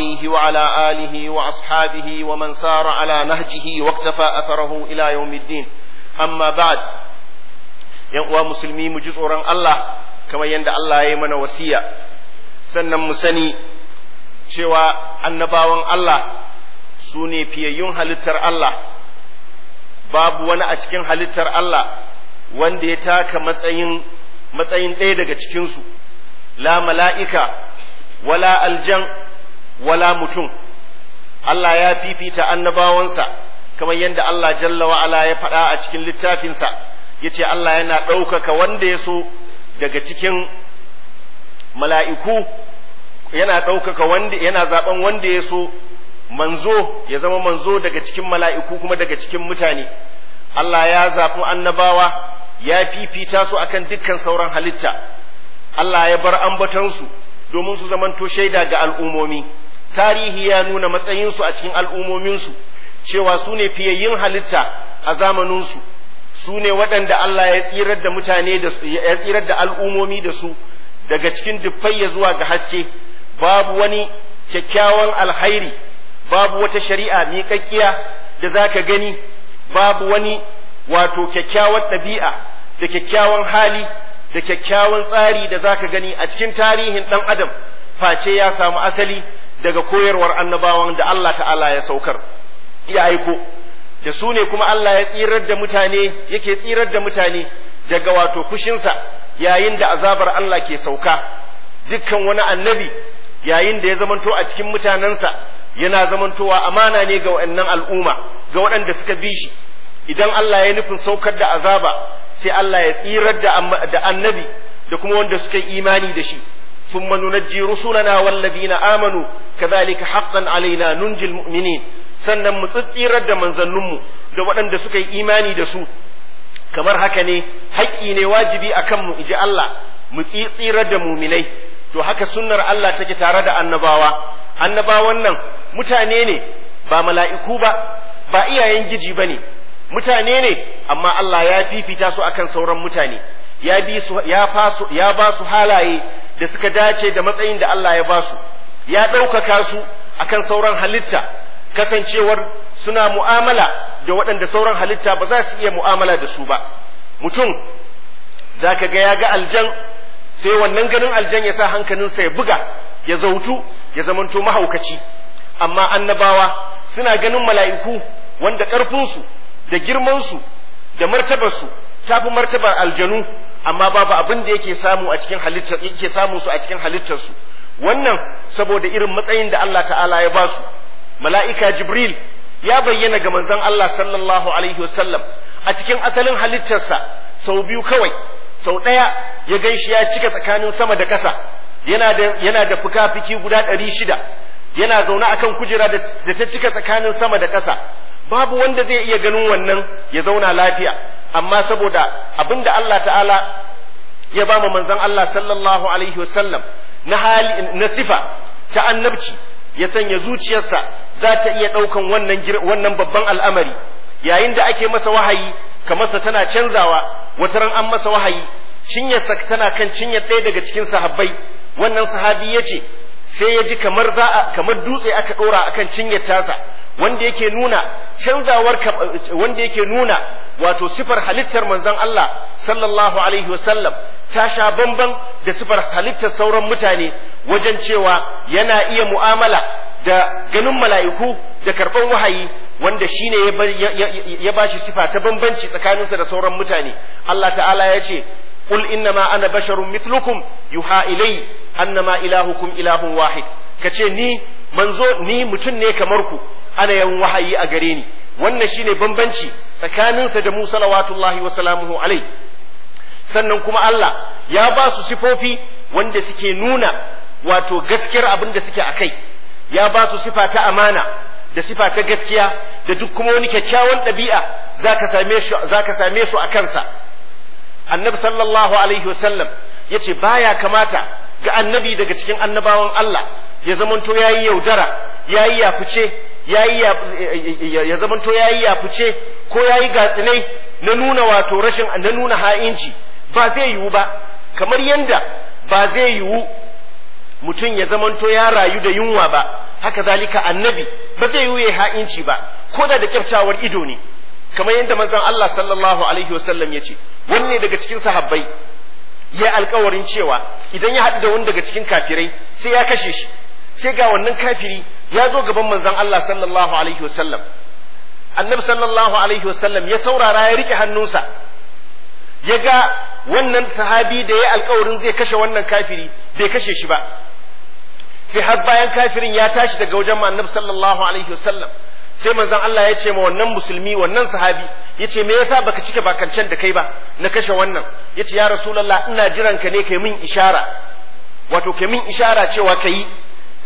عليه وعلى آله وأصحابه ومن سار على نهجه واقتفى أثره إلى يوم الدين أما بعد ينقوى مسلمي مجزورا الله كما يندى الله يمن وسيا سنن مسني شوى النباوان الله سوني في يوم هلتر الله babu wani a cikin halittar Allah wanda ya taka matsayin matsayin ɗaya daga cikinsu la mala'ika wala aljan wala mutum Allah ya fifita annabawansa kamar yadda Allah jalla wa ala ya faɗa a cikin littafinsa yace Allah yana ɗaukaka wanda ya so daga cikin mala'iku yana ɗaukaka wanda yana zaben wanda ya so manzo ya zama manzo daga cikin mala'iku kuma daga cikin mutane Allah ya zaɓi annabawa ya fifita su akan dukkan sauran halitta Allah ya bar ambatansu domin su zamanto shaida ga al'umomi tarihi ya nuna matsayinsu a cikin al'ummominsu cewa su ne fiyayyin halitta a zamaninsu su ne waɗanda Allah ya tsirar da mutane da ya tsirar da al'umomi da su daga cikin duffai ya zuwa ga haske babu wani kyakkyawan alhairi babu wata shari'a miƙaƙƙiya da za ka gani babu wani wato kyakkyawan ɗabi'a da kyakkyawan hali da kyakkyawan tsari da za ka gani a cikin tarihin ɗan adam face ya samu asali daga koyarwar annabawan da Allah ta'ala ya saukar ya aiko da su ne kuma Allah ya tsirar da mutane yake tsirar da mutane daga wato kushinsa yayin da azabar Allah ke sauka dukkan wani annabi yayin da ya zamanto a cikin mutanensa yana zamantowa amana ne ga wa'annan al'umma ga waɗanda suka bi shi idan Allah ya nufin saukar da azaba sai Allah ya tsirar da annabi da kuma wanda suka yi imani da shi ثم ننجي رسلنا والذين آمنوا كذلك حقا علينا ننجي المؤمنين sannan mu tsitsirar da manzanninmu da waɗanda suka yi imani da su kamar haka ne haƙƙi ne wajibi a kanmu iji Allah mu tsitsirar da muminai to haka sunnar Allah take tare da annabawa annabawan nan mutane ne ba mala'iku ba ba iyayen giji ba ne mutane ne amma Allah ya fifita su akan sauran mutane ya ba su halaye da suka dace da matsayin da Allah ya basu ya ɗaukaka su akan sauran halitta kasancewar suna mu'amala da waɗanda sauran halitta ba za su iya mu'amala da su ba mutum za ka ga ya ga aljan sai wannan ganin aljan ya sa hankalinsa ya buga ya zautu ya zamanto mahaukaci amma annabawa suna ganin mala'iku wanda ƙarfinsu da girmansu da martabarsu ta fi martabar aljanu amma babu abin da yake samu a cikin halittar yake samu su a cikin halittar su wannan saboda irin matsayin da Allah ta'ala ya ba su mala'ika jibril ya bayyana ga manzon Allah sallallahu alaihi wasallam a cikin asalin halittarsa sau biyu kawai sau ɗaya ya gaishi ya cika tsakanin sama da ƙasa yana da yana da fuka-fiki guda ɗari shida yana zaune akan kujera da ta cika tsakanin sama da ƙasa babu wanda zai iya ganin wannan ya zauna lafiya amma saboda da Allah ta'ala ya ba mu manzon Allah sallallahu alaihi wasallam na hali na sifa ta annabci ya sanya zuciyarsa za ta iya ɗaukan wannan wannan babban al'amari yayin da ake masa wahayi masa tana canzawa wata ran an masa wahayi cinyarsa tana kan cinyar ɗaya daga cikin sahabbai wannan sahabi ya ce sai ya ji kamar za a kamar dutse aka ɗora akan cinyar tasa wanda yake nuna canzawar wanda yake nuna wato sifar halittar manzon Allah sallallahu alaihi wasallam ta sha bamban da sifar halittar sauran mutane wajen cewa yana iya mu'amala da ganin mala'iku da karɓar wahayi wanda shine ya bashi sifa ta bambanci tsakaninsa da sauran mutane Allah ta'ala ya ce قل إنما أنا بشر مثلكم يوحى إلي أنما إلهكم إله واحد كتشي ني منزو ني متن ne kamar ku ana yin wahayi a gare ni wannan shine bambanci tsakaninsa da musa, salawatullahi wa alai sannan kuma Allah ya ba su sifofi wanda suke nuna wato gaskiyar abin da suke akai ya ba su sifa ta amana da sifa ta gaskiya da duk kuma wani kyakkyawan ɗabi'a zaka same shi zaka same su a kansa annabi sallallahu alaihi wasallam yace baya kamata ga annabi daga cikin annabawan Allah ya zamanto yayi yaudara yayi fice. yayi ya zamanto yayi ya fice ko yayi gatsinai na nuna wato rashin na nuna ha'inci ba zai yiwu ba kamar yadda ba zai yiwu mutum ya zamanto ya rayu da yunwa ba haka zalika annabi ba zai yiwu ya ha'inci ba ko da da kyaftawar ido ne kamar yadda manzon Allah sallallahu alaihi wasallam ya ce wanne daga cikin sahabbai ya alkawarin cewa idan ya haɗu da wani daga cikin kafirai sai ya kashe shi sai ga wannan kafiri ya zo gaban manzon Allah sallallahu alaihi wasallam annabi sallallahu alaihi wasallam ya saurara ya rike hannunsa ya ga wannan sahabi da ya alkawarin zai kashe wannan kafiri bai kashe shi ba sai har bayan kafirin ya tashi daga wajen annabi sallallahu alaihi wasallam sai manzon Allah ya ce ma wannan musulmi wannan sahabi ya ce me yasa baka cike bakancen da kai ba na kashe wannan ya ce ya rasulullah ina jiran ka ne kai min ishara wato kai min ishara cewa kai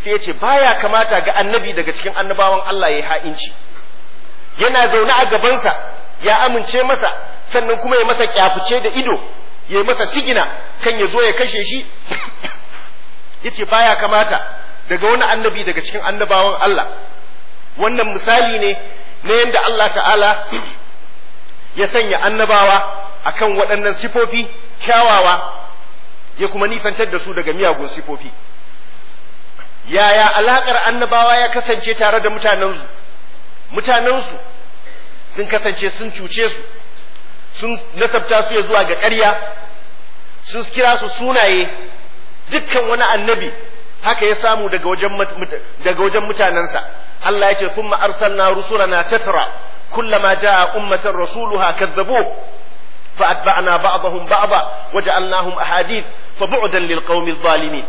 sai ya ce baya kamata ga annabi daga cikin annabawan Allah ya ha'inci yana zaune a gabansa ya amince masa sannan kuma ya masa kyafuce da ido ya masa sigina kan ya zo ya kashe shi yace baya kamata daga wani annabi daga cikin annabawan Allah wannan misali ne na yadda Allah ta'ala ya sanya annabawa a kan waɗannan sifofi kyawawa ya kuma nisantar da su daga miyagun sifofi yaya alaƙar annabawa ya kasance tare da mutanensu mutanensu sun kasance sun cuce su sun nasabta su ya zuwa ga ƙarya sun kira su sunaye dukkan wani annabi haka ya samu daga wajen mutanensa Allah ya ce na arsalna rusulana tatra kullama jaa ummatan rasuluha kadzabu fa atba'na ba'dahum waje waja'alnahum ahadith fa bu'dan lil adh-dhalimin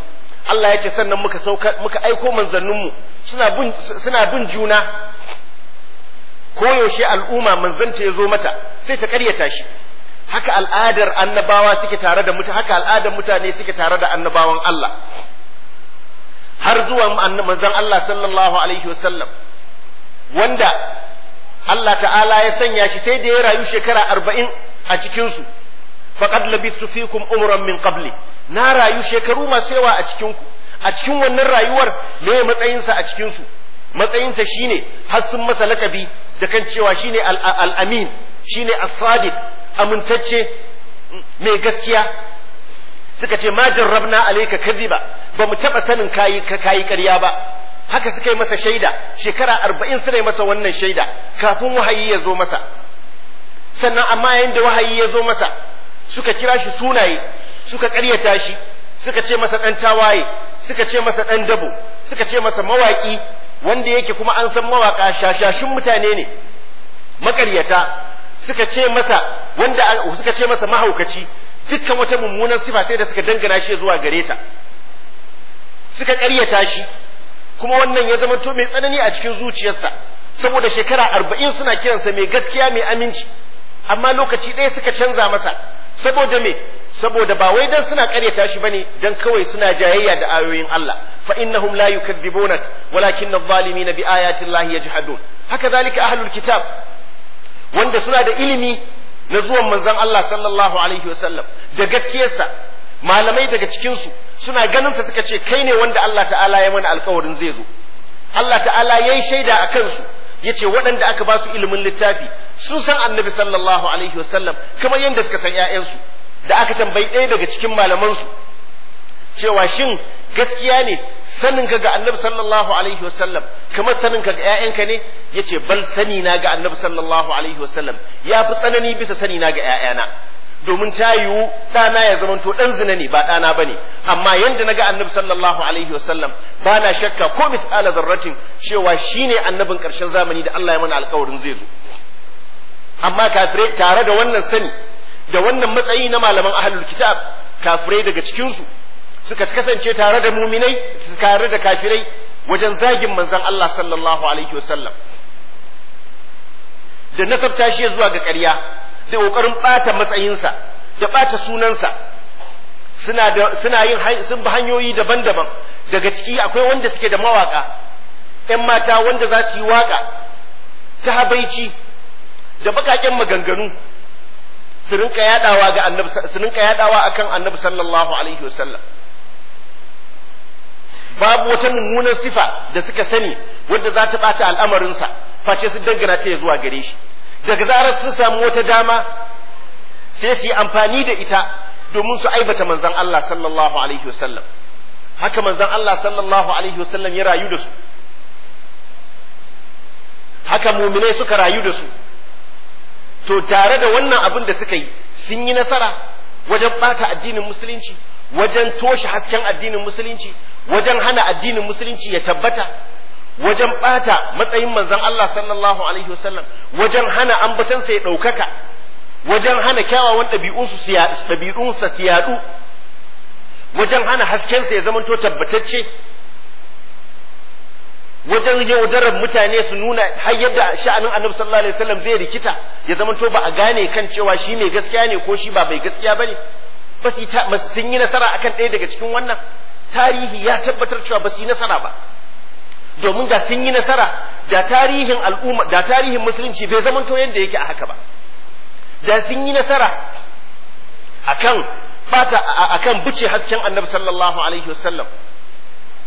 Allah ya ce sannan muka sauka muka aiko manzanninmu suna bin suna bin juna koyaushe al'umma manzanta ya zo mata sai ta karyata shi haka al'adar annabawa suke tare da mutane haka al'adar mutane suke tare da annabawan Allah har zuwa manzon Allah sallallahu alaihi wasallam wanda Allah ta'ala ya sanya shi sai da ya rayu shekara arba'in a cikinsu faqad labistu fikum umran min qabli na rayu shekaru masu yawa a cikinku a cikin wannan rayuwar me matsayinsa a cikinsu matsayinsa shine har sun masa lakabi da kan cewa shine al-amin shine as-sadiq amintacce mai gaskiya suka ce ma rabna alayka kadiba ba mu taba sanin kai ka kayi ƙarya ba haka suka yi masa shaida shekara arba'in suna yi masa wannan shaida kafin wahayi ya zo masa sannan amma yayin da wahayi ya zo masa suka kira shi sunaye suka karyata shi suka ce masa ɗan tawaye suka ce masa ɗan dabo suka ce masa mawaƙi wanda yake kuma an san mawaƙa shashashin mutane ne maƙaryata suka ce masa wanda suka ce masa mahaukaci dukkan wata mummunan sifa sai da suka dangana shi zuwa gare ta suka karyata shi kuma wannan ya zama to mai tsanani a cikin zuciyarsa saboda shekara arba'in suna kiransa mai gaskiya mai aminci amma lokaci ɗaya suka canza masa saboda me saboda ba wai dan suna karyata shi bane dan kawai suna jayayya da ayoyin Allah fa innahum la yukadzibunak walakin adh-dhalimina bi ayati Allah yajhadun haka zalika ahlul kitab wanda suna da ilimi na zuwan manzon Allah sallallahu alaihi wasallam da gaskiyarsa malamai daga cikinsu suna ganin sa suka ce kai ne wanda Allah ta'ala ya mana alkawarin zai zo Allah ta'ala ya yi shaida a kansu ya ce waɗanda aka ba su ilimin littafi sun san annabi sallallahu alaihi wasallam kamar yadda suka san 'ya'yansu da aka tambayi ɗaya daga cikin malamansu cewa shin gaskiya ne sanin ka ga annabi sallallahu alaihi wasallam kamar sanin ka ga ƴaƴanka ne yace bal sani na ga annabi sallallahu alaihi wasallam ya fi tsanani bisa sani na ga ƴaƴana domin ta yiwu ɗana ya to ɗan zina ne ba ɗana ba ne amma yadda na ga annabi sallallahu alaihi wasallam ba na shakka ko misala zarratin cewa shi ne annabin ƙarshen zamani da Allah ya mana alƙawarin zai zo amma kafirai tare da wannan sani da wannan matsayi na malaman ahlul kitab kafirai daga cikinsu suka kasance tare da muminai tare da kafirai wajen zagin manzon Allah sallallahu alaihi wasallam da nasabta shi zuwa ga ƙarya da ƙoƙarin ɓata matsayinsa da ɓata sunansa suna da suna yin sun bi hanyoyi daban-daban daga ciki akwai wanda suke da mawaka ƴan mata wanda za su yi waka ta habaici da baƙaƙen maganganu su rinka yadawa ga annabi su rinka yadawa akan annabi sallallahu alaihi wasallam babu wata mummunan sifa da suka sani wadda za ta bata al'amarinsa face su dangana ta zuwa gare shi daga zarar sun samu wata dama sai su yi amfani da ita domin su aibata manzon Allah sallallahu alaihi wasallam haka manzon Allah sallallahu alaihi wasallam ya rayu da su haka muminai suka rayu da su to tare da wannan abin da suka yi sun yi nasara wajen bata addinin musulunci wajen toshe hasken addinin musulunci wajen hana addinin musulunci ya tabbata wajen bata matsayin manzon Allah sallallahu alaihi wasallam wajen hana ambatansa ya ɗaukaka wajen hana kyawawan ɗabi'unsa su yaɗu wajen hana haskensa ya zamanto tabbatacce wajen yaudarar mutane su nuna har yadda sha'anin annabi sallallahu alaihi wasallam zai rikita ya zama to ba a gane kan cewa shi mai gaskiya ne ko shi ba mai gaskiya bane Basi ta sun yi nasara akan ɗaya daga cikin wannan tarihi ya tabbatar cewa basu yi nasara ba domin da sun yi nasara da tarihin al'umma da tarihin musulunci bai zama to yadda yake a haka ba da sun yi nasara akan bata akan bice hasken annabi sallallahu alaihi wasallam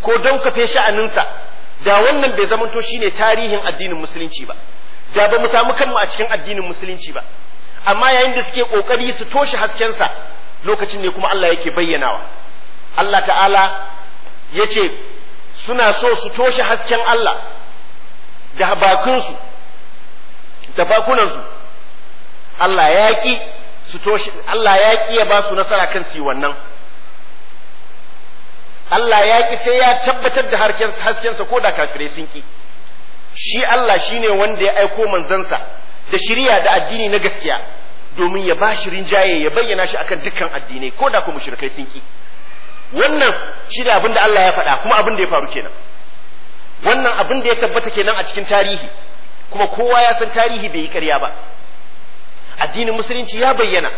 ko don kafe sha'aninsa da wannan bai zamanto shine tarihin addinin musulunci ba da ba mu samu kanmu a cikin addinin musulunci ba amma yayin da suke kokari su toshe haskensa lokacin ne kuma Allah yake bayyanawa Allah ta'ala ya suna so su toshe hasken Allah da bakunsu da bakunansu Allah ya ki su toshe Allah ya ya ba su nasara kan su wannan Allah ya ki sai ya tabbatar da haskensa ko da kafirai sun ki shi Allah shine wanda ya aiko manzansa da shiriya da addini na gaskiya domin ya ba shi rinjaye ya bayyana shi akan dukkan addinai ko da kuma mushrikai sun ki wannan shine abin da Allah ya faɗa kuma abin da ya faru kenan wannan abin da ya tabbata kenan a cikin tarihi kuma kowa ya san tarihi bai yi ƙarya ba addinin musulunci ya bayyana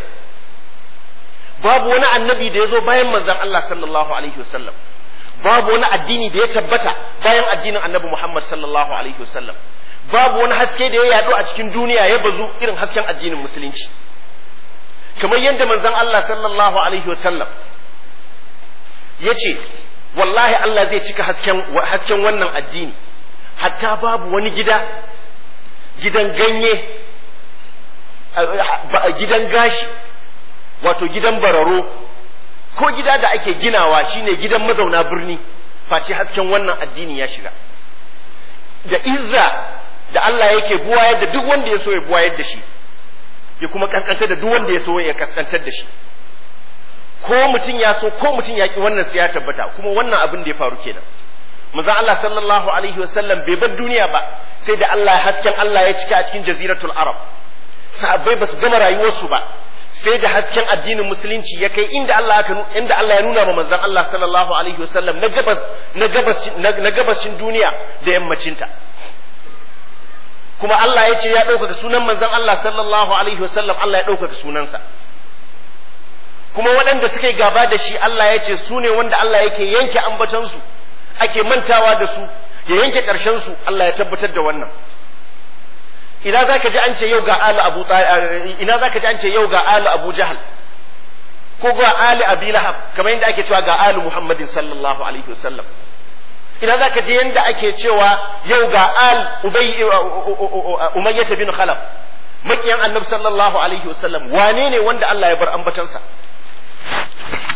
babu wani annabi da ya zo bayan manzan Allah sallallahu alaihi wasallam babu wani addini da ya tabbata bayan addinin annabi Muhammad sallallahu alaihi wasallam babu wani haske da ya yaɗu a cikin duniya ya bazu irin hasken addinin musulunci kamar yadda manzan Allah sallallahu alaihi wasallam ya ce wallahi Allah zai cika hasken wannan addini hatta babu wani gida gidan ganye gidan gashi wato gidan bararo ko gida da ake ginawa shine gidan mazauna birni face hasken wannan addini ya shiga da izza da Allah yake buwayar da duk wanda ya so ya buwayar da shi ya kuma kaskantar da duk wanda ya so ya kaskantar da shi ko mutum ya so ko mutum ya ki wannan sai ya tabbata kuma wannan abin da ya faru kenan manzon Allah sallallahu alaihi wasallam bai bar duniya ba sai da Allah hasken Allah ya cika a cikin jaziratul arab sahabbai basu gama rayuwarsu ba sai da hasken addinin musulunci ya kai inda Allah inda Allah ya nuna ma manzon Allah sallallahu alaihi wasallam na gabas na gabas na gabashin duniya da yammacin ta kuma Allah ya ce ya ɗaukaka sunan manzon Allah sallallahu alaihi wasallam Allah ya ɗaukaka sunansa kuma waɗanda suke gaba da shi Allah ya ce su ne wanda Allah yake yanke ambatansu ake mantawa da su ya yanke ƙarshen su Allah ya tabbatar da wannan ina zaka ji an ce yau ga ali abu eh, ina zaka ji an ce yau ga ali abu jahal ko ga ali abi lahab kamar yadda ake cewa ga ali muhammadin sallallahu alaihi wasallam ina zaka ji yadda ake cewa yau ga al ubay eh, eh, umayyah bin khalaf makiyan annabi sallallahu alaihi wasallam wane ne wanda Allah ya bar ambatansa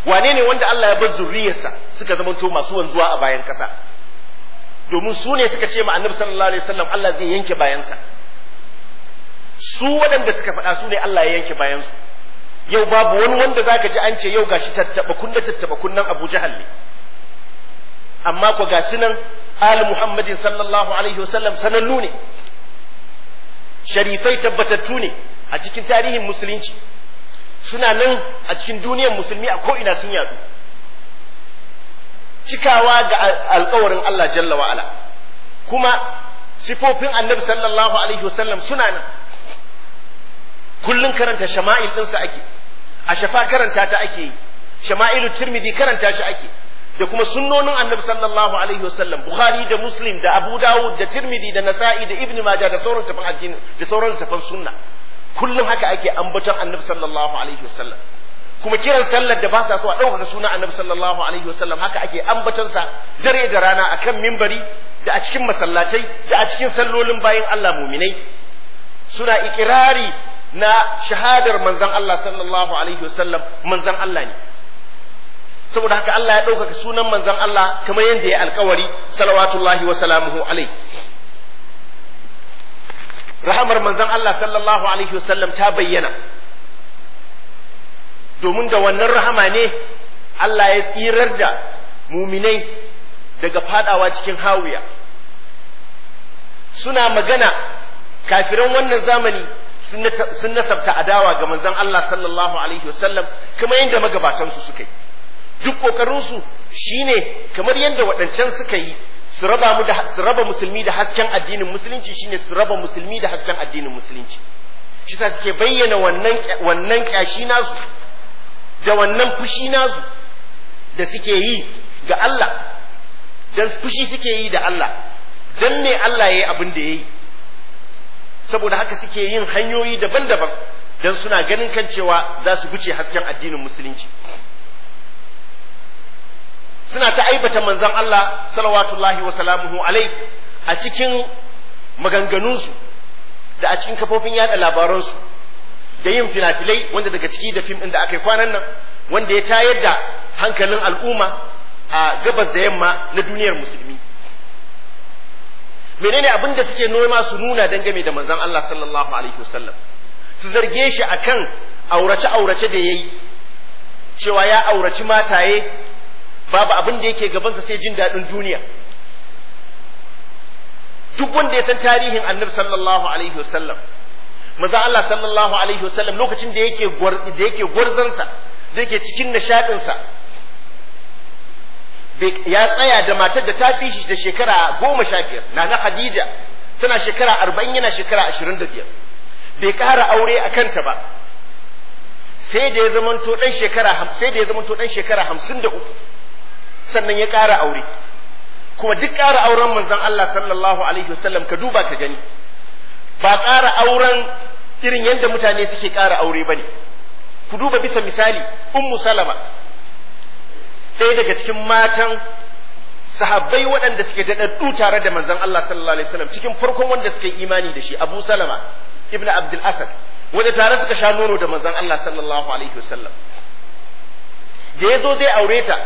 wane ne wanda Allah ya bar zuriyarsa suka zama to masu wanzuwa a bayan kasa domin su ne suka ce ma annabi sallallahu alaihi wasallam Allah zai yanke bayansa su waɗanda suka faɗa su ne Allah ya yanke bayansu yau babu wani wanda zaka ji an ce yau gashi tattaɓa kunna tattaɓa kunnan Abu Jahal ne amma ko ga sunan al Muhammadin sallallahu alaihi wasallam sanannu ne sharifai tabbatattu ne a cikin tarihin musulunci suna nan a cikin duniyar musulmi a ko'ina sun yadu cikawa ga alkawarin Allah jalla wa'ala kuma sifofin annabi sallallahu alaihi wasallam suna nan kullun karanta shama'il ɗinsa ake a shafa karanta ta ake yi shama'ilu tirmidhi karanta shi ake da kuma sunnonin annabi sallallahu alaihi wasallam bukhari da muslim da abu dawud da tirmidhi da nasa'i da ibnu majah da sauran tafan addini da sauran tafan sunna kullum haka ake ambaton annabi sallallahu alaihi wasallam kuma kiran sallar da ba sa so a ɗaukaka suna annabi sallallahu alaihi wasallam haka ake ambaton sa dare da rana akan mimbari da a cikin masallatai da a cikin sallolin bayin Allah muminai suna ikirari na shahadar manzan Allah sallallahu alaihi wasallam manzan Allah ne saboda haka Allah ya ɗaukaka sunan manzan Allah kamar yadda ya alkawari salawatullahi wa salamuhu rahamar manzan Allah sallallahu alaihi wasallam ta bayyana domin da wannan rahama ne Allah ya tsirar da muminai daga fadawa cikin hawiya suna magana kafiran wannan zamani sun nasabta adawa ga manzon Allah sallallahu alaihi wasallam kamar yadda magabatansu suka yi duk kokarinsu shine kamar yadda waɗancan suka yi su raba mu da su raba musulmi da hasken addinin musulunci shine su raba musulmi da hasken addinin musulunci shi sa suke bayyana wannan wannan kyashi nasu da wannan fushi nasu da suke yi ga Allah dan fushi suke yi da Allah dan me Allah yayi abin da yayi saboda haka suke yin hanyoyi daban-daban don suna ganin kan cewa za su guce hasken addinin musulunci suna ta aibata manzon Allah salawatullahi wa salamuhu alai a cikin maganganunsu da a cikin kafofin yada labaransu da yin finafilai wanda daga ciki da fim ɗin da aka yi kwanan nan wanda ya tayar da hankalin al'umma a gabas da yamma na duniyar musulmi menene abin da suke noma su nuna dangane da manzon Allah sallallahu alaihi wasallam su zarge shi akan aurace aurace da yayi cewa ya auraci mataye babu abin da yake gabansa sai jin daɗin duniya duk wanda ya san tarihin annabi sallallahu alaihi wasallam manzon Allah sallallahu alaihi wasallam lokacin da yake da yake gwarzansa da yake cikin nishaɗinsa ya tsaya da matar da ta fi shi da shekara goma sha biyar na na hadija tana shekara arba'in yana shekara ashirin da biyar bai ƙara aure a kanta ba sai da ya zamanto ɗan shekara sai da ya zamanto ɗan shekara hamsin da uku sannan ya ƙara aure kuma duk ƙara auren manzon Allah sallallahu alaihi wasallam ka duba ka gani ba ƙara auren irin yadda mutane suke ƙara aure ba ne ku duba bisa misali ummu salama ɗaya daga cikin matan sahabbai waɗanda suke daɗaɗɗu tare da manzon Allah sallallahu alaihi wasallam cikin farkon wanda suka yi imani da shi Abu Salama ibn Abdul Asad wanda tare suka sha nono da manzon Allah sallallahu alaihi wasallam da yazo zai aure ta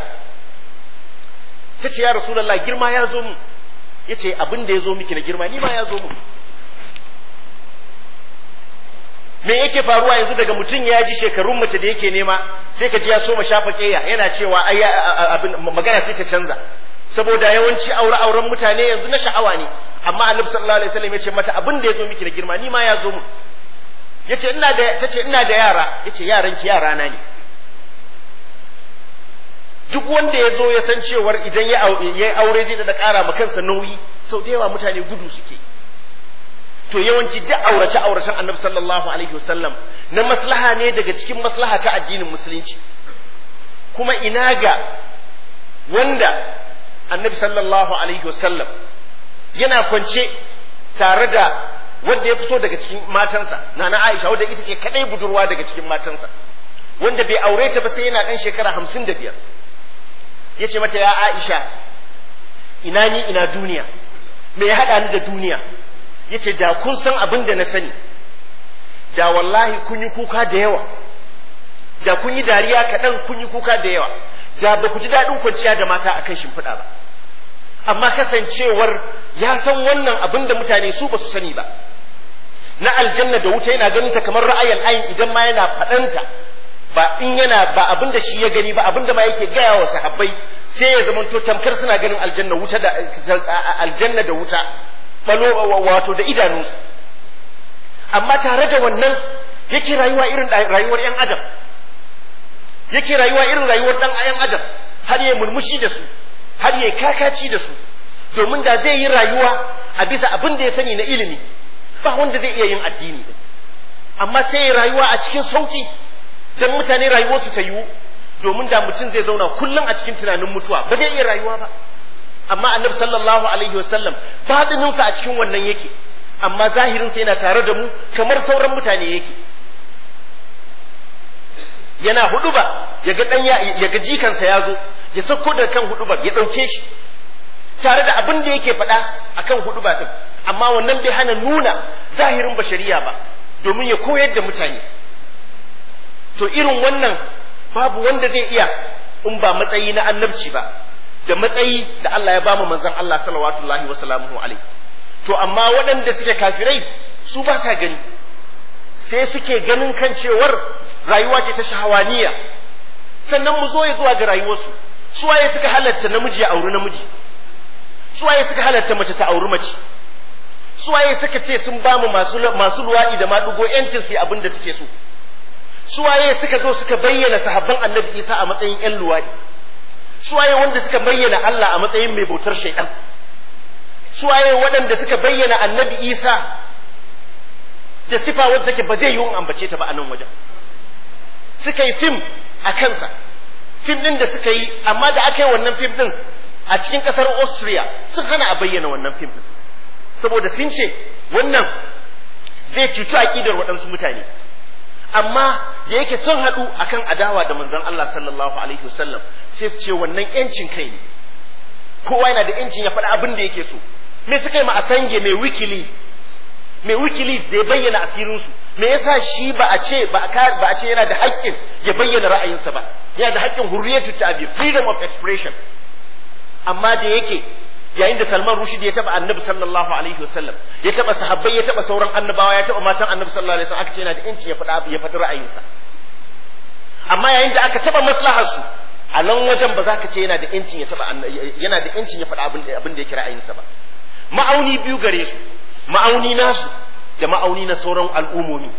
ta ce ya rasulullah girma ya zo mu yace abin da ya zo miki na girma ni ma ya zo mu me yake faruwa yanzu daga mutum ya ji shekarun mace da yake nema sai ka ji ya so ma shafa keya yana cewa ai magana sai ka canza saboda yawanci aure auren mutane yanzu na sha'awa ne amma annabi sallallahu alaihi wasallam ya ce mata abin da ya zo miki da girma ni ma ya zo mu yace ina da tace ina da yara yace yaran ki yara na ne duk wanda ya zo ya san cewar idan ya aure zai da ƙara ma kansa nauyi sau da yawa mutane gudu suke to yawanci duk aurace auracen annabi sallallahu alaihi wasallam na maslaha ne daga cikin maslaha ta addinin musulunci kuma ina ga wanda annabi sallallahu alaihi wasallam yana kwance tare da wanda ya fi so daga cikin matansa nana Aisha wanda ita ce kadai budurwa daga cikin matansa wanda bai aure ta ba sai yana dan shekara hamsin da biyar ya ce mata ya Aisha ina ni ina duniya me ya haɗa ni da duniya yace da kun san abin da na sani da wallahi kun yi kuka da yawa da kun yi dariya kaɗan kun yi kuka da yawa da ba ku ji daɗin kwanciya da mata akan shimfiɗa ba amma kasancewar ya san wannan abin da mutane su ba su sani ba na aljanna da wuta yana ganin ta kamar ra'ayin ayin idan ma yana faɗanta ba in yana ba abin da shi ya gani ba abin da ma yake gaya wa sahabbai sai ya zamanto tamkar suna ganin aljanna wuta da aljanna da wuta wato da idanu amma tare da wannan yake rayuwa irin rayuwar yan adam yake rayuwa irin rayuwar dan ayan adam har ya murmushi da su har ya kakaci da su domin da zai yi rayuwa a bisa abin da ya sani na ilimi ba wanda zai iya yin addini amma sai ya rayuwa a cikin sauki don mutane rayuwarsu ta yiwu domin da mutum zai zauna kullum a cikin tunanin mutuwa ba zai iya rayuwa ba amma annabi sallallahu alaihi wasallam fadinin sa a cikin wannan yake amma zahirin sa yana tare da mu kamar sauran mutane yake yana huduba ya ga dan ya ga jikansa ya zo ya sako da kan hudubar ya dauke shi tare da abin da yake faɗa akan huduba din amma wannan bai hana nuna zahirin ba shari'a ba domin ya koyar da mutane to irin wannan babu wanda zai iya in ba matsayi na annabci ba da matsayi da Allah ya bamu manzon Allah sallallahu wa sallamu alaihi to amma waɗanda suke kafirai su ba sa gani sai suke ganin kan cewar rayuwa ce ta shahawaniya sannan mu zo ya zuwa ga rayuwarsu suwaye suka halatta namiji ya auri namiji suwaye suka halatta mace ta auri mace suwaye suka ce sun bamu masu masu luwaɗi da madugo yancin su abin da suke so suwaye suka zo suka bayyana sahabban annabi isa a matsayin yan luwaɗi suwaye wanda suka bayyana Allah a matsayin mai bautar shaidan suwaye waɗanda suka bayyana annabi Isa da sifa wadda take ba zai yi in ambace ta ba a nan wajen suka yi fim a kansa fim ɗin da suka yi amma da aka yi wannan fim ɗin a cikin ƙasar Austria sun hana a bayyana wannan fim ɗin saboda sun ce wannan zai cutu aƙidar waɗansu mutane amma da yake sun haɗu akan adawa da manzon Allah sallallahu alaihi wasallam sai su ce wannan yancin kai ne kowa yana da yancin ya faɗi abin da yake so me suka yi ma sange mai wikili mai wikili da ya bayyana asirinsu me yasa shi ba a ce yana da haƙƙin ya bayyana ra'ayinsa ba yana da haƙƙin hurriyatu ta'bir freedom of expression amma da yake yayin da Salman Rushdie ya taba Annabi sallallahu alaihi wasallam ya taba sahabbai ya taba sauran annabawa ya taba matan Annabi sallallahu alaihi wasallam aka ce yana da inci ya faɗa ya faɗi ra'ayinsa amma yayin da aka taba maslaharsu, a nan wajen ba za ka ce yana da incin ya taba yana da incin ya faɗa abin da ya kira ayinsa ba ma'auni biyu gare su ma'auni nasu da ma'auni na sauran al'umomi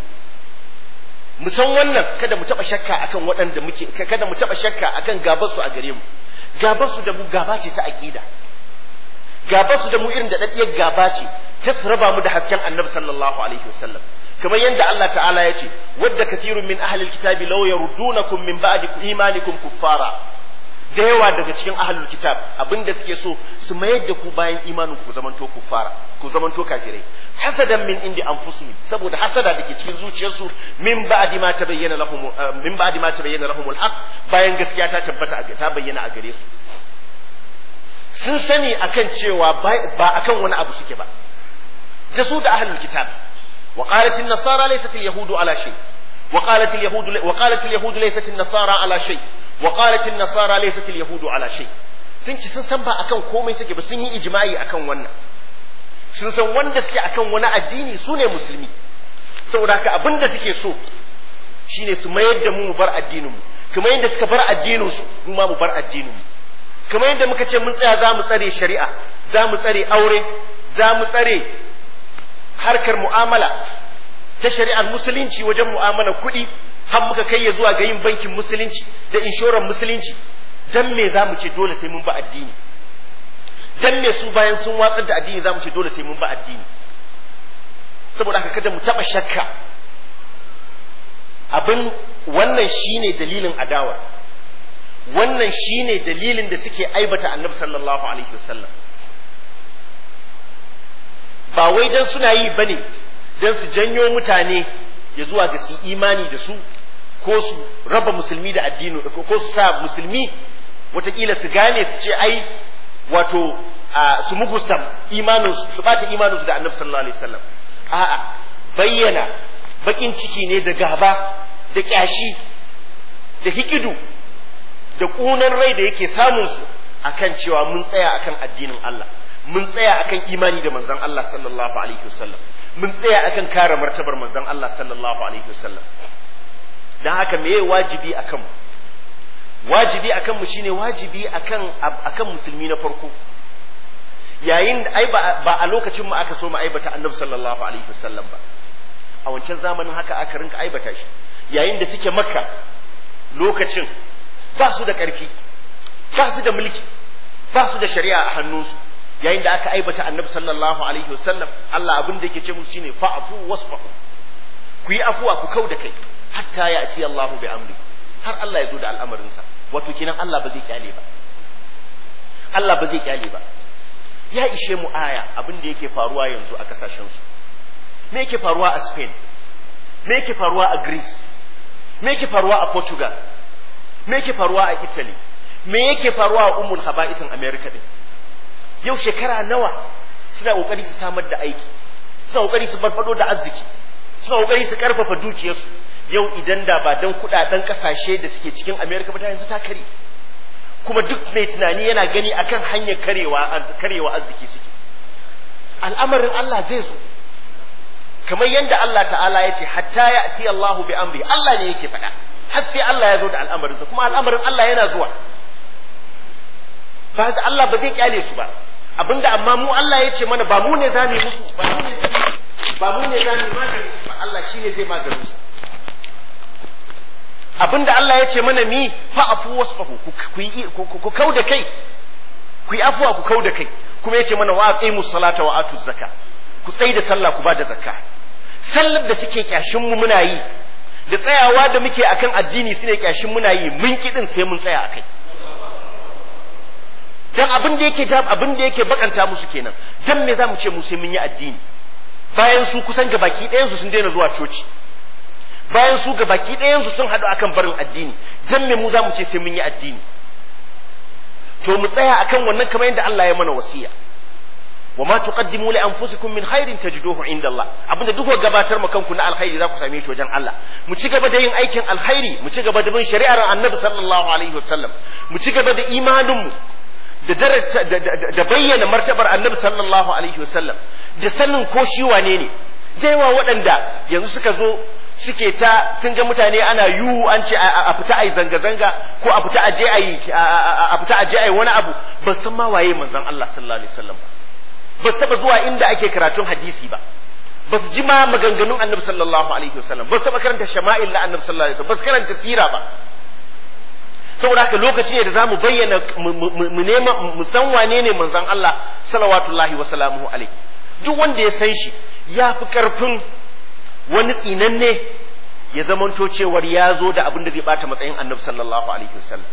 mu san wannan kada mu taba shakka akan waɗanda muke kada mu taba shakka akan gabar su a gare mu gabar su da mu gaba ce ta aqida gaba su da mu irin da dadiyar gaba ce ta su raba mu da hasken annabi sallallahu alaihi wasallam kamar yadda Allah ta'ala ya ce wadda kathirun min ahlil kitabi law yarudunakum min ba'di imanikum kuffara da yawa daga cikin ahlul kitab abinda suke so su mayar da ku bayan imanin ku zamanto kuffara ku zamanto kafirai hasadan min indi anfusihim saboda hasada dake cikin zuciyarsu min ba'di ma tabayyana lahum eh, min ba'di ma tabayyana lahumul haqq bayan gaskiya ta tabbata a ta bayyana a gare su sun sani akan cewa ba akan wani abu suke ba Jasu da ahlul kitab wa qalat an-nasara laysat al-yahudu ala shay wa qalat al-yahudu wa qalat al-yahudu laysat an-nasara ala shay wa qalat an-nasara laysat al-yahudu ala shay sun ci sun san ba akan komai suke ba sun yi ijma'i akan wannan sun san wanda suke akan wani addini su ne musulmi saboda haka abin da suke so shine su mayar da mu bar addinin mu kuma yadda suka bar addinin su mu ma mu bar addinin mu kamar yadda muka ce mun tsaya za mu tsare shari'a za mu tsare aure za mu tsare harkar mu'amala ta shari'ar musulunci wajen mu'amala kuɗi har muka kai ya zuwa ga yin bankin musulunci da inshoran musulunci dan me za mu ce dole sai mun ba addini dan me su bayan sun watsar da addini za mu ce dole sai mun ba addini saboda haka kada mu taɓa shakka abin wannan shine dalilin adawar wannan shine dalilin da suke aibata annabi sallallahu alaihi wasallam ba wai dan suna yi bane dan su janyo mutane ya zuwa ga su imani da su ko su raba musulmi da addini ko su sa musulmi watakila su gane su ce ai wato su mugusta imanin su bata imanin su da annabi sallallahu alaihi wasallam a'a bayyana bakin ciki ne da gaba da kyashi da hikidu da ƙunar rai da yake samunsu akan cewa mun tsaya akan addinin Allah mun tsaya akan imani da manzon Allah sallallahu alaihi wasallam mun tsaya akan kare martabar manzon Allah sallallahu alaihi wasallam dan haka me yake wajibi akan wajibi akan mu shine wajibi akan akan musulmi na farko yayin da ai ba a lokacin mu aka so mu aibata annabi sallallahu alaihi wasallam ba a wancan zamanin haka aka rinka aibata shi yayin da suke makka lokacin ba su da ƙarfi ba su da mulki ba su da shari'a a hannunsu yayin da aka aibata annabi sallallahu alaihi wasallam Allah abin da yake ce musu shine fa'fu wasfahu ku yi afuwa ku kau da kai hatta ya ati Allahu bi amri har Allah ya zo da al'amarinsa wato kinan Allah ba zai kyale ba Allah ba zai kyale ba ya ishe mu aya abin da yake faruwa yanzu a kasashen su me yake faruwa a Spain me yake faruwa a Greece me yake faruwa a Portugal me yake faruwa a Italy me yake faruwa a Ummul Haba'itin America din yau shekara nawa suna kokari su samar da aiki suna kokari su farfado da arziki suna kokari su karfafa dukiyarsu yau idan da ba dan kudaden kasashe da suke cikin America ba ta yanzu ta kare kuma duk mai tunani yana gani akan hanyar karewa karewa arziki suke al'amarin Allah zai zo kamar yadda Allah ta'ala ya ce hatta yati Allahu bi amri Allah ne yake faɗa har sai Allah ya zo da al'amarinsa kuma al'amarin Allah yana zuwa fa haka Allah ba zai kyale su ba abinda amma mu Allah ya ce mana ba mu ne za mu musu ba mu ne ba mu ne za mu magani su ba Allah ne zai magani su abinda Allah ya ce mana mi fa afu wasfahu ku ku kau da kai ku yi afuwa ku kau da kai kuma ya ce mana wa aqimu salata wa atu zakka ku tsaye da sallah ku ba da zakka sallar da suke kyashin mu muna yi da tsayawa da muke akan addini sune kyashin muna yi mun kidin sai mun tsaya akai dan abin da yake abin da yake bakanta musu kenan dan me zamu ce mu sai mun yi addini bayan su kusan gabaki ɗayan su sun daina zuwa coci bayan su gabaki ɗayan su sun haɗu akan barin addini dan me mu zamu ce sai mun yi addini to mu tsaya akan wannan kamar yadda Allah ya mana wasiya wa ma tuqaddimu fusu anfusikum min ta tajiduhu inda Allah abinda duk gabatar mu kanku na alkhairi za ku same shi Allah mu ci gaba da yin aikin alkhairi mu ci gaba da bin shari'ar Annabi sallallahu alaihi wasallam mu ci gaba da imanin mu da bayyana martabar Annabi sallallahu alaihi wasallam da sanin ko shi wane ne yawa waɗanda yanzu suka zo suke ta sun ga mutane ana yu an ce a fita a yi zanga-zanga ko a fita a je a yi wani abu ban san ma waye manzon Allah sallallahu alaihi wasallam ba ba su taba zuwa inda ake karatun hadisi ba ba su ji ma maganganun annabi sallallahu alaihi wasallam ba su taba karanta shama'il na annabi sallallahu alaihi wasallam ba su karanta sira ba saboda haka lokaci ne da zamu bayyana mu nema mu san wane ne manzon Allah sallallahu wa salamuhu alaihi duk wanda ya san shi ya fi karfin wani tsinanne ya zamanto cewar ya zo da abin da zai bata matsayin annabi sallallahu alaihi wasallam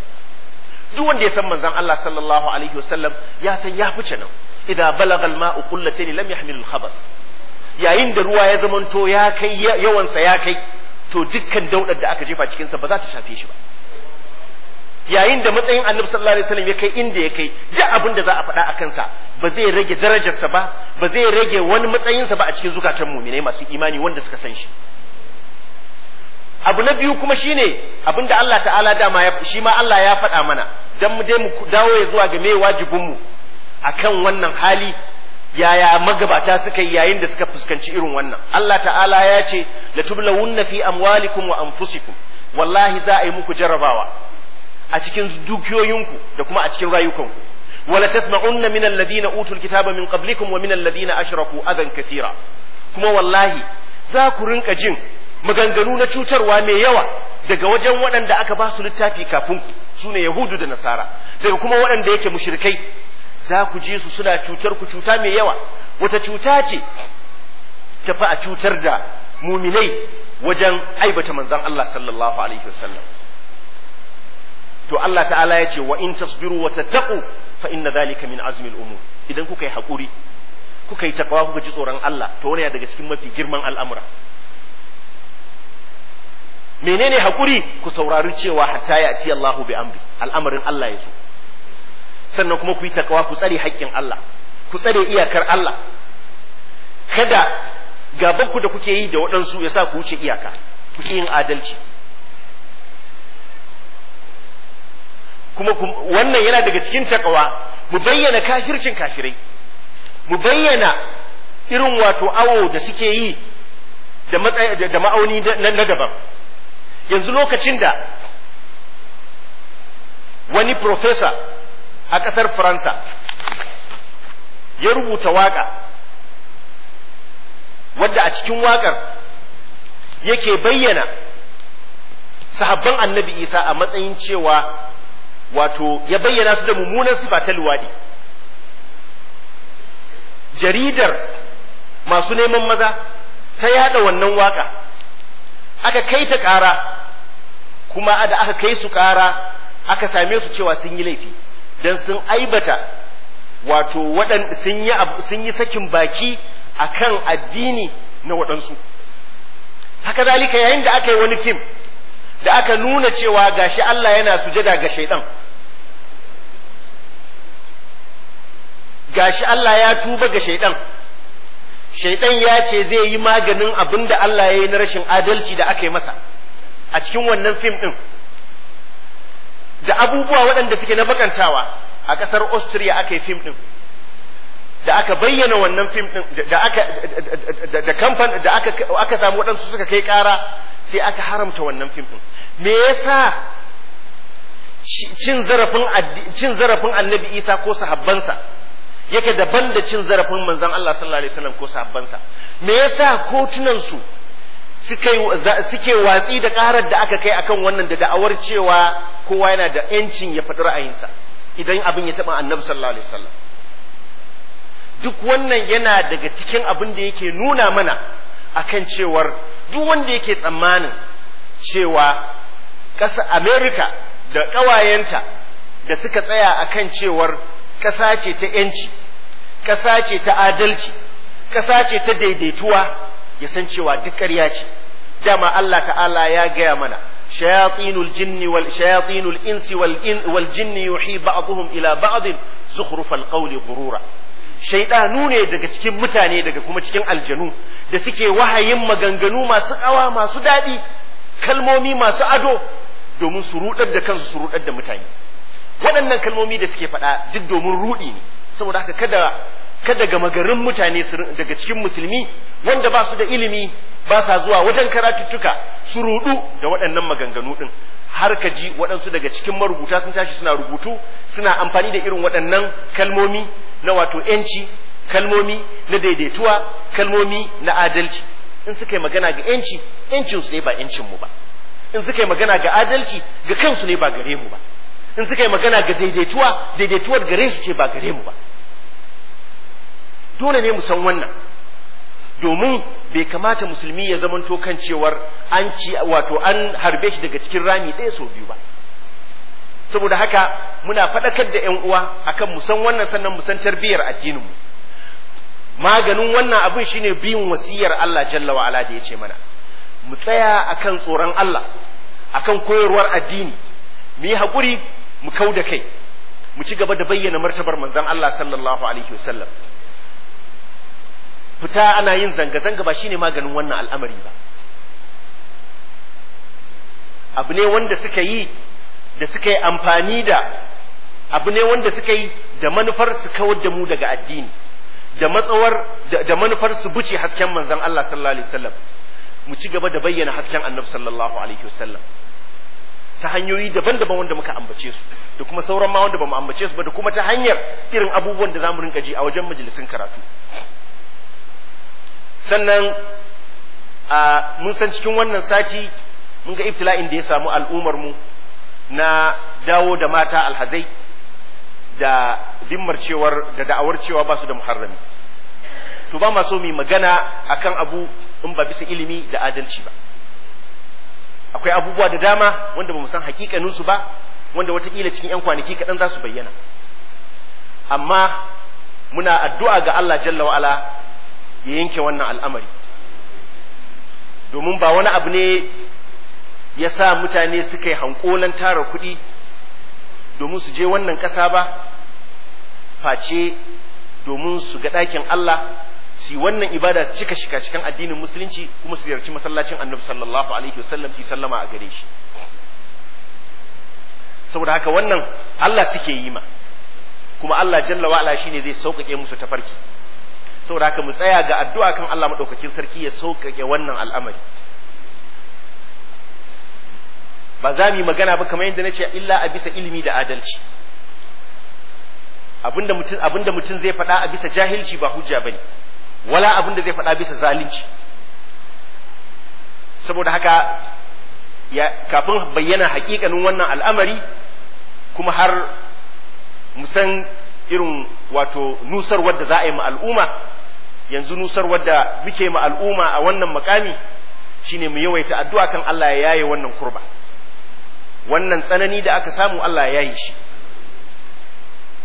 duk wanda ya san manzan Allah sallallahu alaihi wasallam ya san ya fice nan idza balagal ma'u qullatayn lam yahmilul khabath yayin da ruwa ya zamanto ya kai yawansa ya kai to dukkan daudar da aka jefa cikin sa ba za ta shafe shi ba yayin da matsayin annabi sallallahu alaihi wasallam ya kai inda ya kai ji abin da za a faɗa a kansa ba zai rage darajarsa ba ba zai rage wani matsayinsa ba a cikin zukatan muminai masu imani wanda suka san shi abu na biyu kuma shine abinda Allah ta'ala dama ya shi ma Allah ya faɗa mana dan mu dai mu dawo ya zuwa ga me wajibin mu kan wannan hali yaya magabata suka yi yayin da suka fuskanci irin wannan Allah ta'ala ya ce latublawunna fi amwalikum wa anfusikum wallahi za a yi muku jarrabawa a cikin dukiyoyinku da kuma a cikin rayukanku wala tasma'unna min alladhina utul kitaba min qablikum wa min alladhina ashraku adan kathira kuma wallahi za ku rinka jin maganganu na cutarwa mai yawa daga wajen waɗanda aka ba su littafi kafin su ne yahudu da nasara daga kuma waɗanda yake mushrikai za ku ji su suna cutar ku cuta mai yawa wata cuta ce tafi a cutar da muminai wajen aibata manzon Allah sallallahu alaihi wasallam to Allah ta'ala ya ce wa in tasbiru wa tattaqu fa inna dhalika min azmi al-umur idan kuka yi hakuri kuka yi takawa kuka ji tsoron Allah to wani daga cikin mafi girman al'amura menene hakuri ku saurari cewa hatta ya ati Allahu bi amri al'amarin Allah ya zo sannan kuma ku yi takawa ku tsare haƙƙin Allah ku tsare iyakar Allah kada gaban ku da kuke yi da waɗansu ya sa ku wuce iyaka ku yin adalci kuma wannan yana daga cikin takawa mu bayyana kafircin kafirai mu bayyana irin wato awo da suke yi da ma'auni na daban yanzu lokacin da wani profesa a ƙasar faransa ya rubuta waƙa wadda a cikin waƙar yake bayyana sahabban annabi isa a matsayin cewa wato ya bayyana su da mummunan sifa ta luwaɗi jaridar masu neman maza ta yada wannan waƙa aka kai ta ƙara kuma da aka kai su ƙara aka same su cewa sun yi laifi don sun aibata wato sun yi sakin baki a kan addini na waɗansu haka zalika yayin da aka yi wani fim da aka nuna cewa gashi Allah yana sujada ga shaidan gashi Allah ya tuba ga shaidan shaitan ya ce zai yi maganin abin da Allah ya yi na rashin adalci da aka yi masa a cikin wannan fim ɗin da abubuwa waɗanda suke na bakantawa a ƙasar Austria aka yi fim ɗin da aka bayyana wannan fim ɗin da aka da kamfan da aka aka samu waɗansu suka kai ƙara sai aka haramta wannan fim ɗin me yasa cin cin zarafin Annabi Isa ko sahabbansa yake daban da cin zarafin manzon Allah sallallahu alaihi wasallam ko sahabbansa me yasa kotunan su suke suke watsi da karar da aka kai akan wannan da da'awar cewa kowa yana da yancin ya faɗi ra'ayinsa idan abin ya taɓa annabi sallallahu alaihi wasallam duk wannan yana daga cikin abin da yake nuna mana akan cewar duk wanda yake tsammanin cewa ƙasa Amerika da ƙawayenta da suka tsaya akan cewar ƙasa ce ta ‘yanci, ƙasa ce ta adalci, ƙasa ce ta daidaituwa, ya san cewa duk ƙarya ce. Dama Allah ta'ala ya gaya mana, shayatinul wal insi wal in wal jinni yuhi ba'dhum ila ba'd zukhrufal qawli ghurura. Shaidanu ne daga cikin mutane daga kuma cikin aljanu da suke wahayin maganganu masu ƙawa masu daɗi, kalmomi masu ado domin su rudar da kansu su rudar da mutane. waɗannan kalmomi da suke faɗa duk domin ruɗi ne saboda haka kada kada gama garin mutane daga cikin musulmi wanda ba su da ilimi ba sa zuwa wajen karatuttuka su rudu da waɗannan maganganu ɗin har ka ji waɗansu daga cikin marubuta sun tashi suna rubutu suna amfani da irin waɗannan kalmomi na wato yanci kalmomi na daidaituwa kalmomi na adalci in suka yi magana ga yanci yancinsu ne ba yancinmu ba in suka yi magana ga adalci ga kansu ne ba gare mu ba in suka yi magana ga daidaituwa daidaituwar gare su ce ba gare mu ba dole ne mu san wannan domin bai kamata musulmi ya zamanto kan cewar an ci wato an harbe shi daga cikin rami ɗaya sau biyu ba saboda haka muna faɗakar da 'yan uwa akan mu san wannan sannan mu san addinin mu. maganin wannan abin shine biyun wasiyar Allah jalla wa ala da ya mana mu tsaya akan tsoron Allah akan koyarwar addini mu yi haƙuri mu kau da kai mu ci gaba da bayyana martabar manzon Allah sallallahu alaihi wasallam fita ana yin zanga-zanga ba shine maganin wannan al'amari ba abu ne wanda suka yi da suka yi amfani da abu ne wanda suka yi da manufar su kawar da mu daga addini da matsawar da manufar su buce hasken manzon Allah sallallahu alaihi wasallam mu ci gaba da bayyana hasken annabi sallallahu alaihi wasallam ta hanyoyi daban-daban wanda muka ambace su da kuma sauran ma wanda bamu ambace su ba da kuma ta hanyar irin abubuwan da za mu rinka ji a wajen majalisun karatu sannan a mun san cikin wannan sati mun ga ibtila'in da ya samu al'ummar mu na dawo da mata alhazai da dimmar cewar da da'awar cewa ba su da muharrami to ba ma so mu magana akan abu in ba bisa ilimi da adalci ba akwai abubuwa da dama wanda ba mu san hakikanin ba wanda watakila cikin yan kwanaki kaɗan za su bayyana amma muna addu'a ga Allah jalla wa'ala ya yanke wannan al'amari domin ba wani abu ne ya sa mutane suka yi hankolan tara kuɗi domin su je wannan ƙasa ba face domin su ga ɗakin Allah su wannan ibada su cika shika cikin addinin musulunci kuma su ziyarci masallacin annabi sallallahu alaihi wasallam su sallama a gare shi saboda haka wannan Allah suke yi ma kuma Allah jalla wa ala shine zai sauƙaƙe musu tafarki saboda haka mu tsaya ga addu'a kan Allah madaukakin sarki ya sauƙaƙe wannan al'amari ba za mu yi magana ba kamar yadda nace illa a bisa ilimi da adalci abinda mutum abinda mutum zai faɗa a bisa jahilci ba hujja bane wala abin da zai faɗa bisa zalunci saboda haka ya kafin bayyana hakikanin wannan al'amari kuma har musan irin wato nusar wadda za a yi ma al'umma yanzu nusar wadda muke ma al'umma a wannan makami shine mu yawaita addu'a kan Allah ya yaye wannan kurba wannan tsanani da aka samu Allah ya yi shi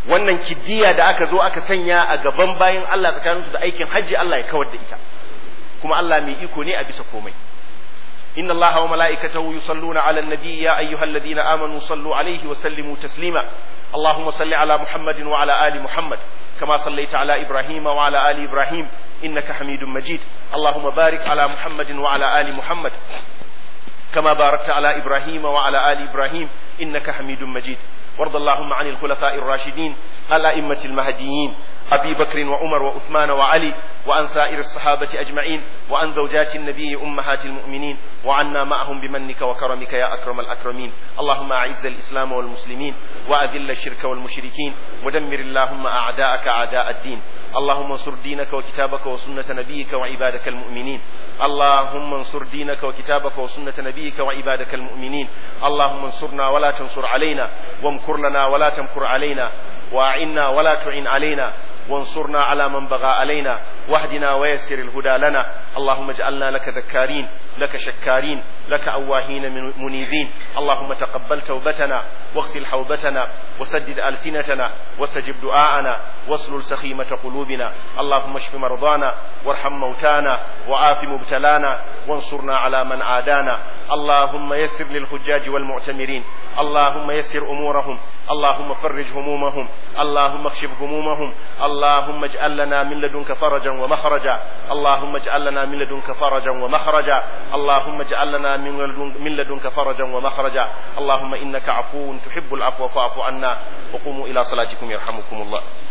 wannan kiddiya da aka zo aka sanya a gaban bayan Allah tsakaninsu da aikin hajji Allah ya kawar da ita kuma Allah mai iko ne a bisa komai إن الله وملائكته يصلون على النبي يا أيها الذين آمنوا صلوا عليه وسلموا تسليما اللهم صل على محمد وعلى آل محمد كما صليت على إبراهيم وعلى آل إبراهيم إنك حميد مجيد اللهم بارك على محمد وعلى آل محمد كما باركت على إبراهيم وعلى آل إبراهيم إنك حميد مجيد وارض اللهم عن الخلفاء الراشدين الأئمة المهديين أبي بكر وعمر وعثمان وعلي وعن سائر الصحابة أجمعين وعن زوجات النبي أمهات المؤمنين وعنا معهم بمنك وكرمك يا أكرم الأكرمين اللهم أعز الإسلام والمسلمين وأذل الشرك والمشركين ودمر اللهم أعداءك أعداء الدين اللهم انصر دينك وكتابك وسنة نبيك وعبادك المؤمنين اللهم انصر دينك وكتابك وسنة نبيك وعبادك المؤمنين اللهم انصرنا ولا تنصر علينا وامكر لنا ولا تمكر علينا وأعنا ولا تعن علينا وانصرنا على من بغى علينا واهدنا ويسر الهدى لنا اللهم اجعلنا لك ذكارين لك شكارين لك أواهين من منيبين اللهم تقبل توبتنا واغسل حوبتنا وسدد ألسنتنا واستجب دعاءنا واصل سخيمة قلوبنا اللهم اشف مرضانا وارحم موتانا وعاف مبتلانا وانصرنا على من عادانا اللهم يسر للحجاج والمعتمرين اللهم يسر أمورهم اللهم فرج همومهم اللهم اكشف همومهم اللهم اللهم اجعل لنا من لدنك فرجا ومخرجا اللهم اجعل لنا من لدنك فرجا ومخرجا اللهم اجعل لنا من لدنك فرجا ومخرجا اللهم إنك عفو تحب العفو فاعف عنا وقوموا إلى صلاتكم يرحمكم الله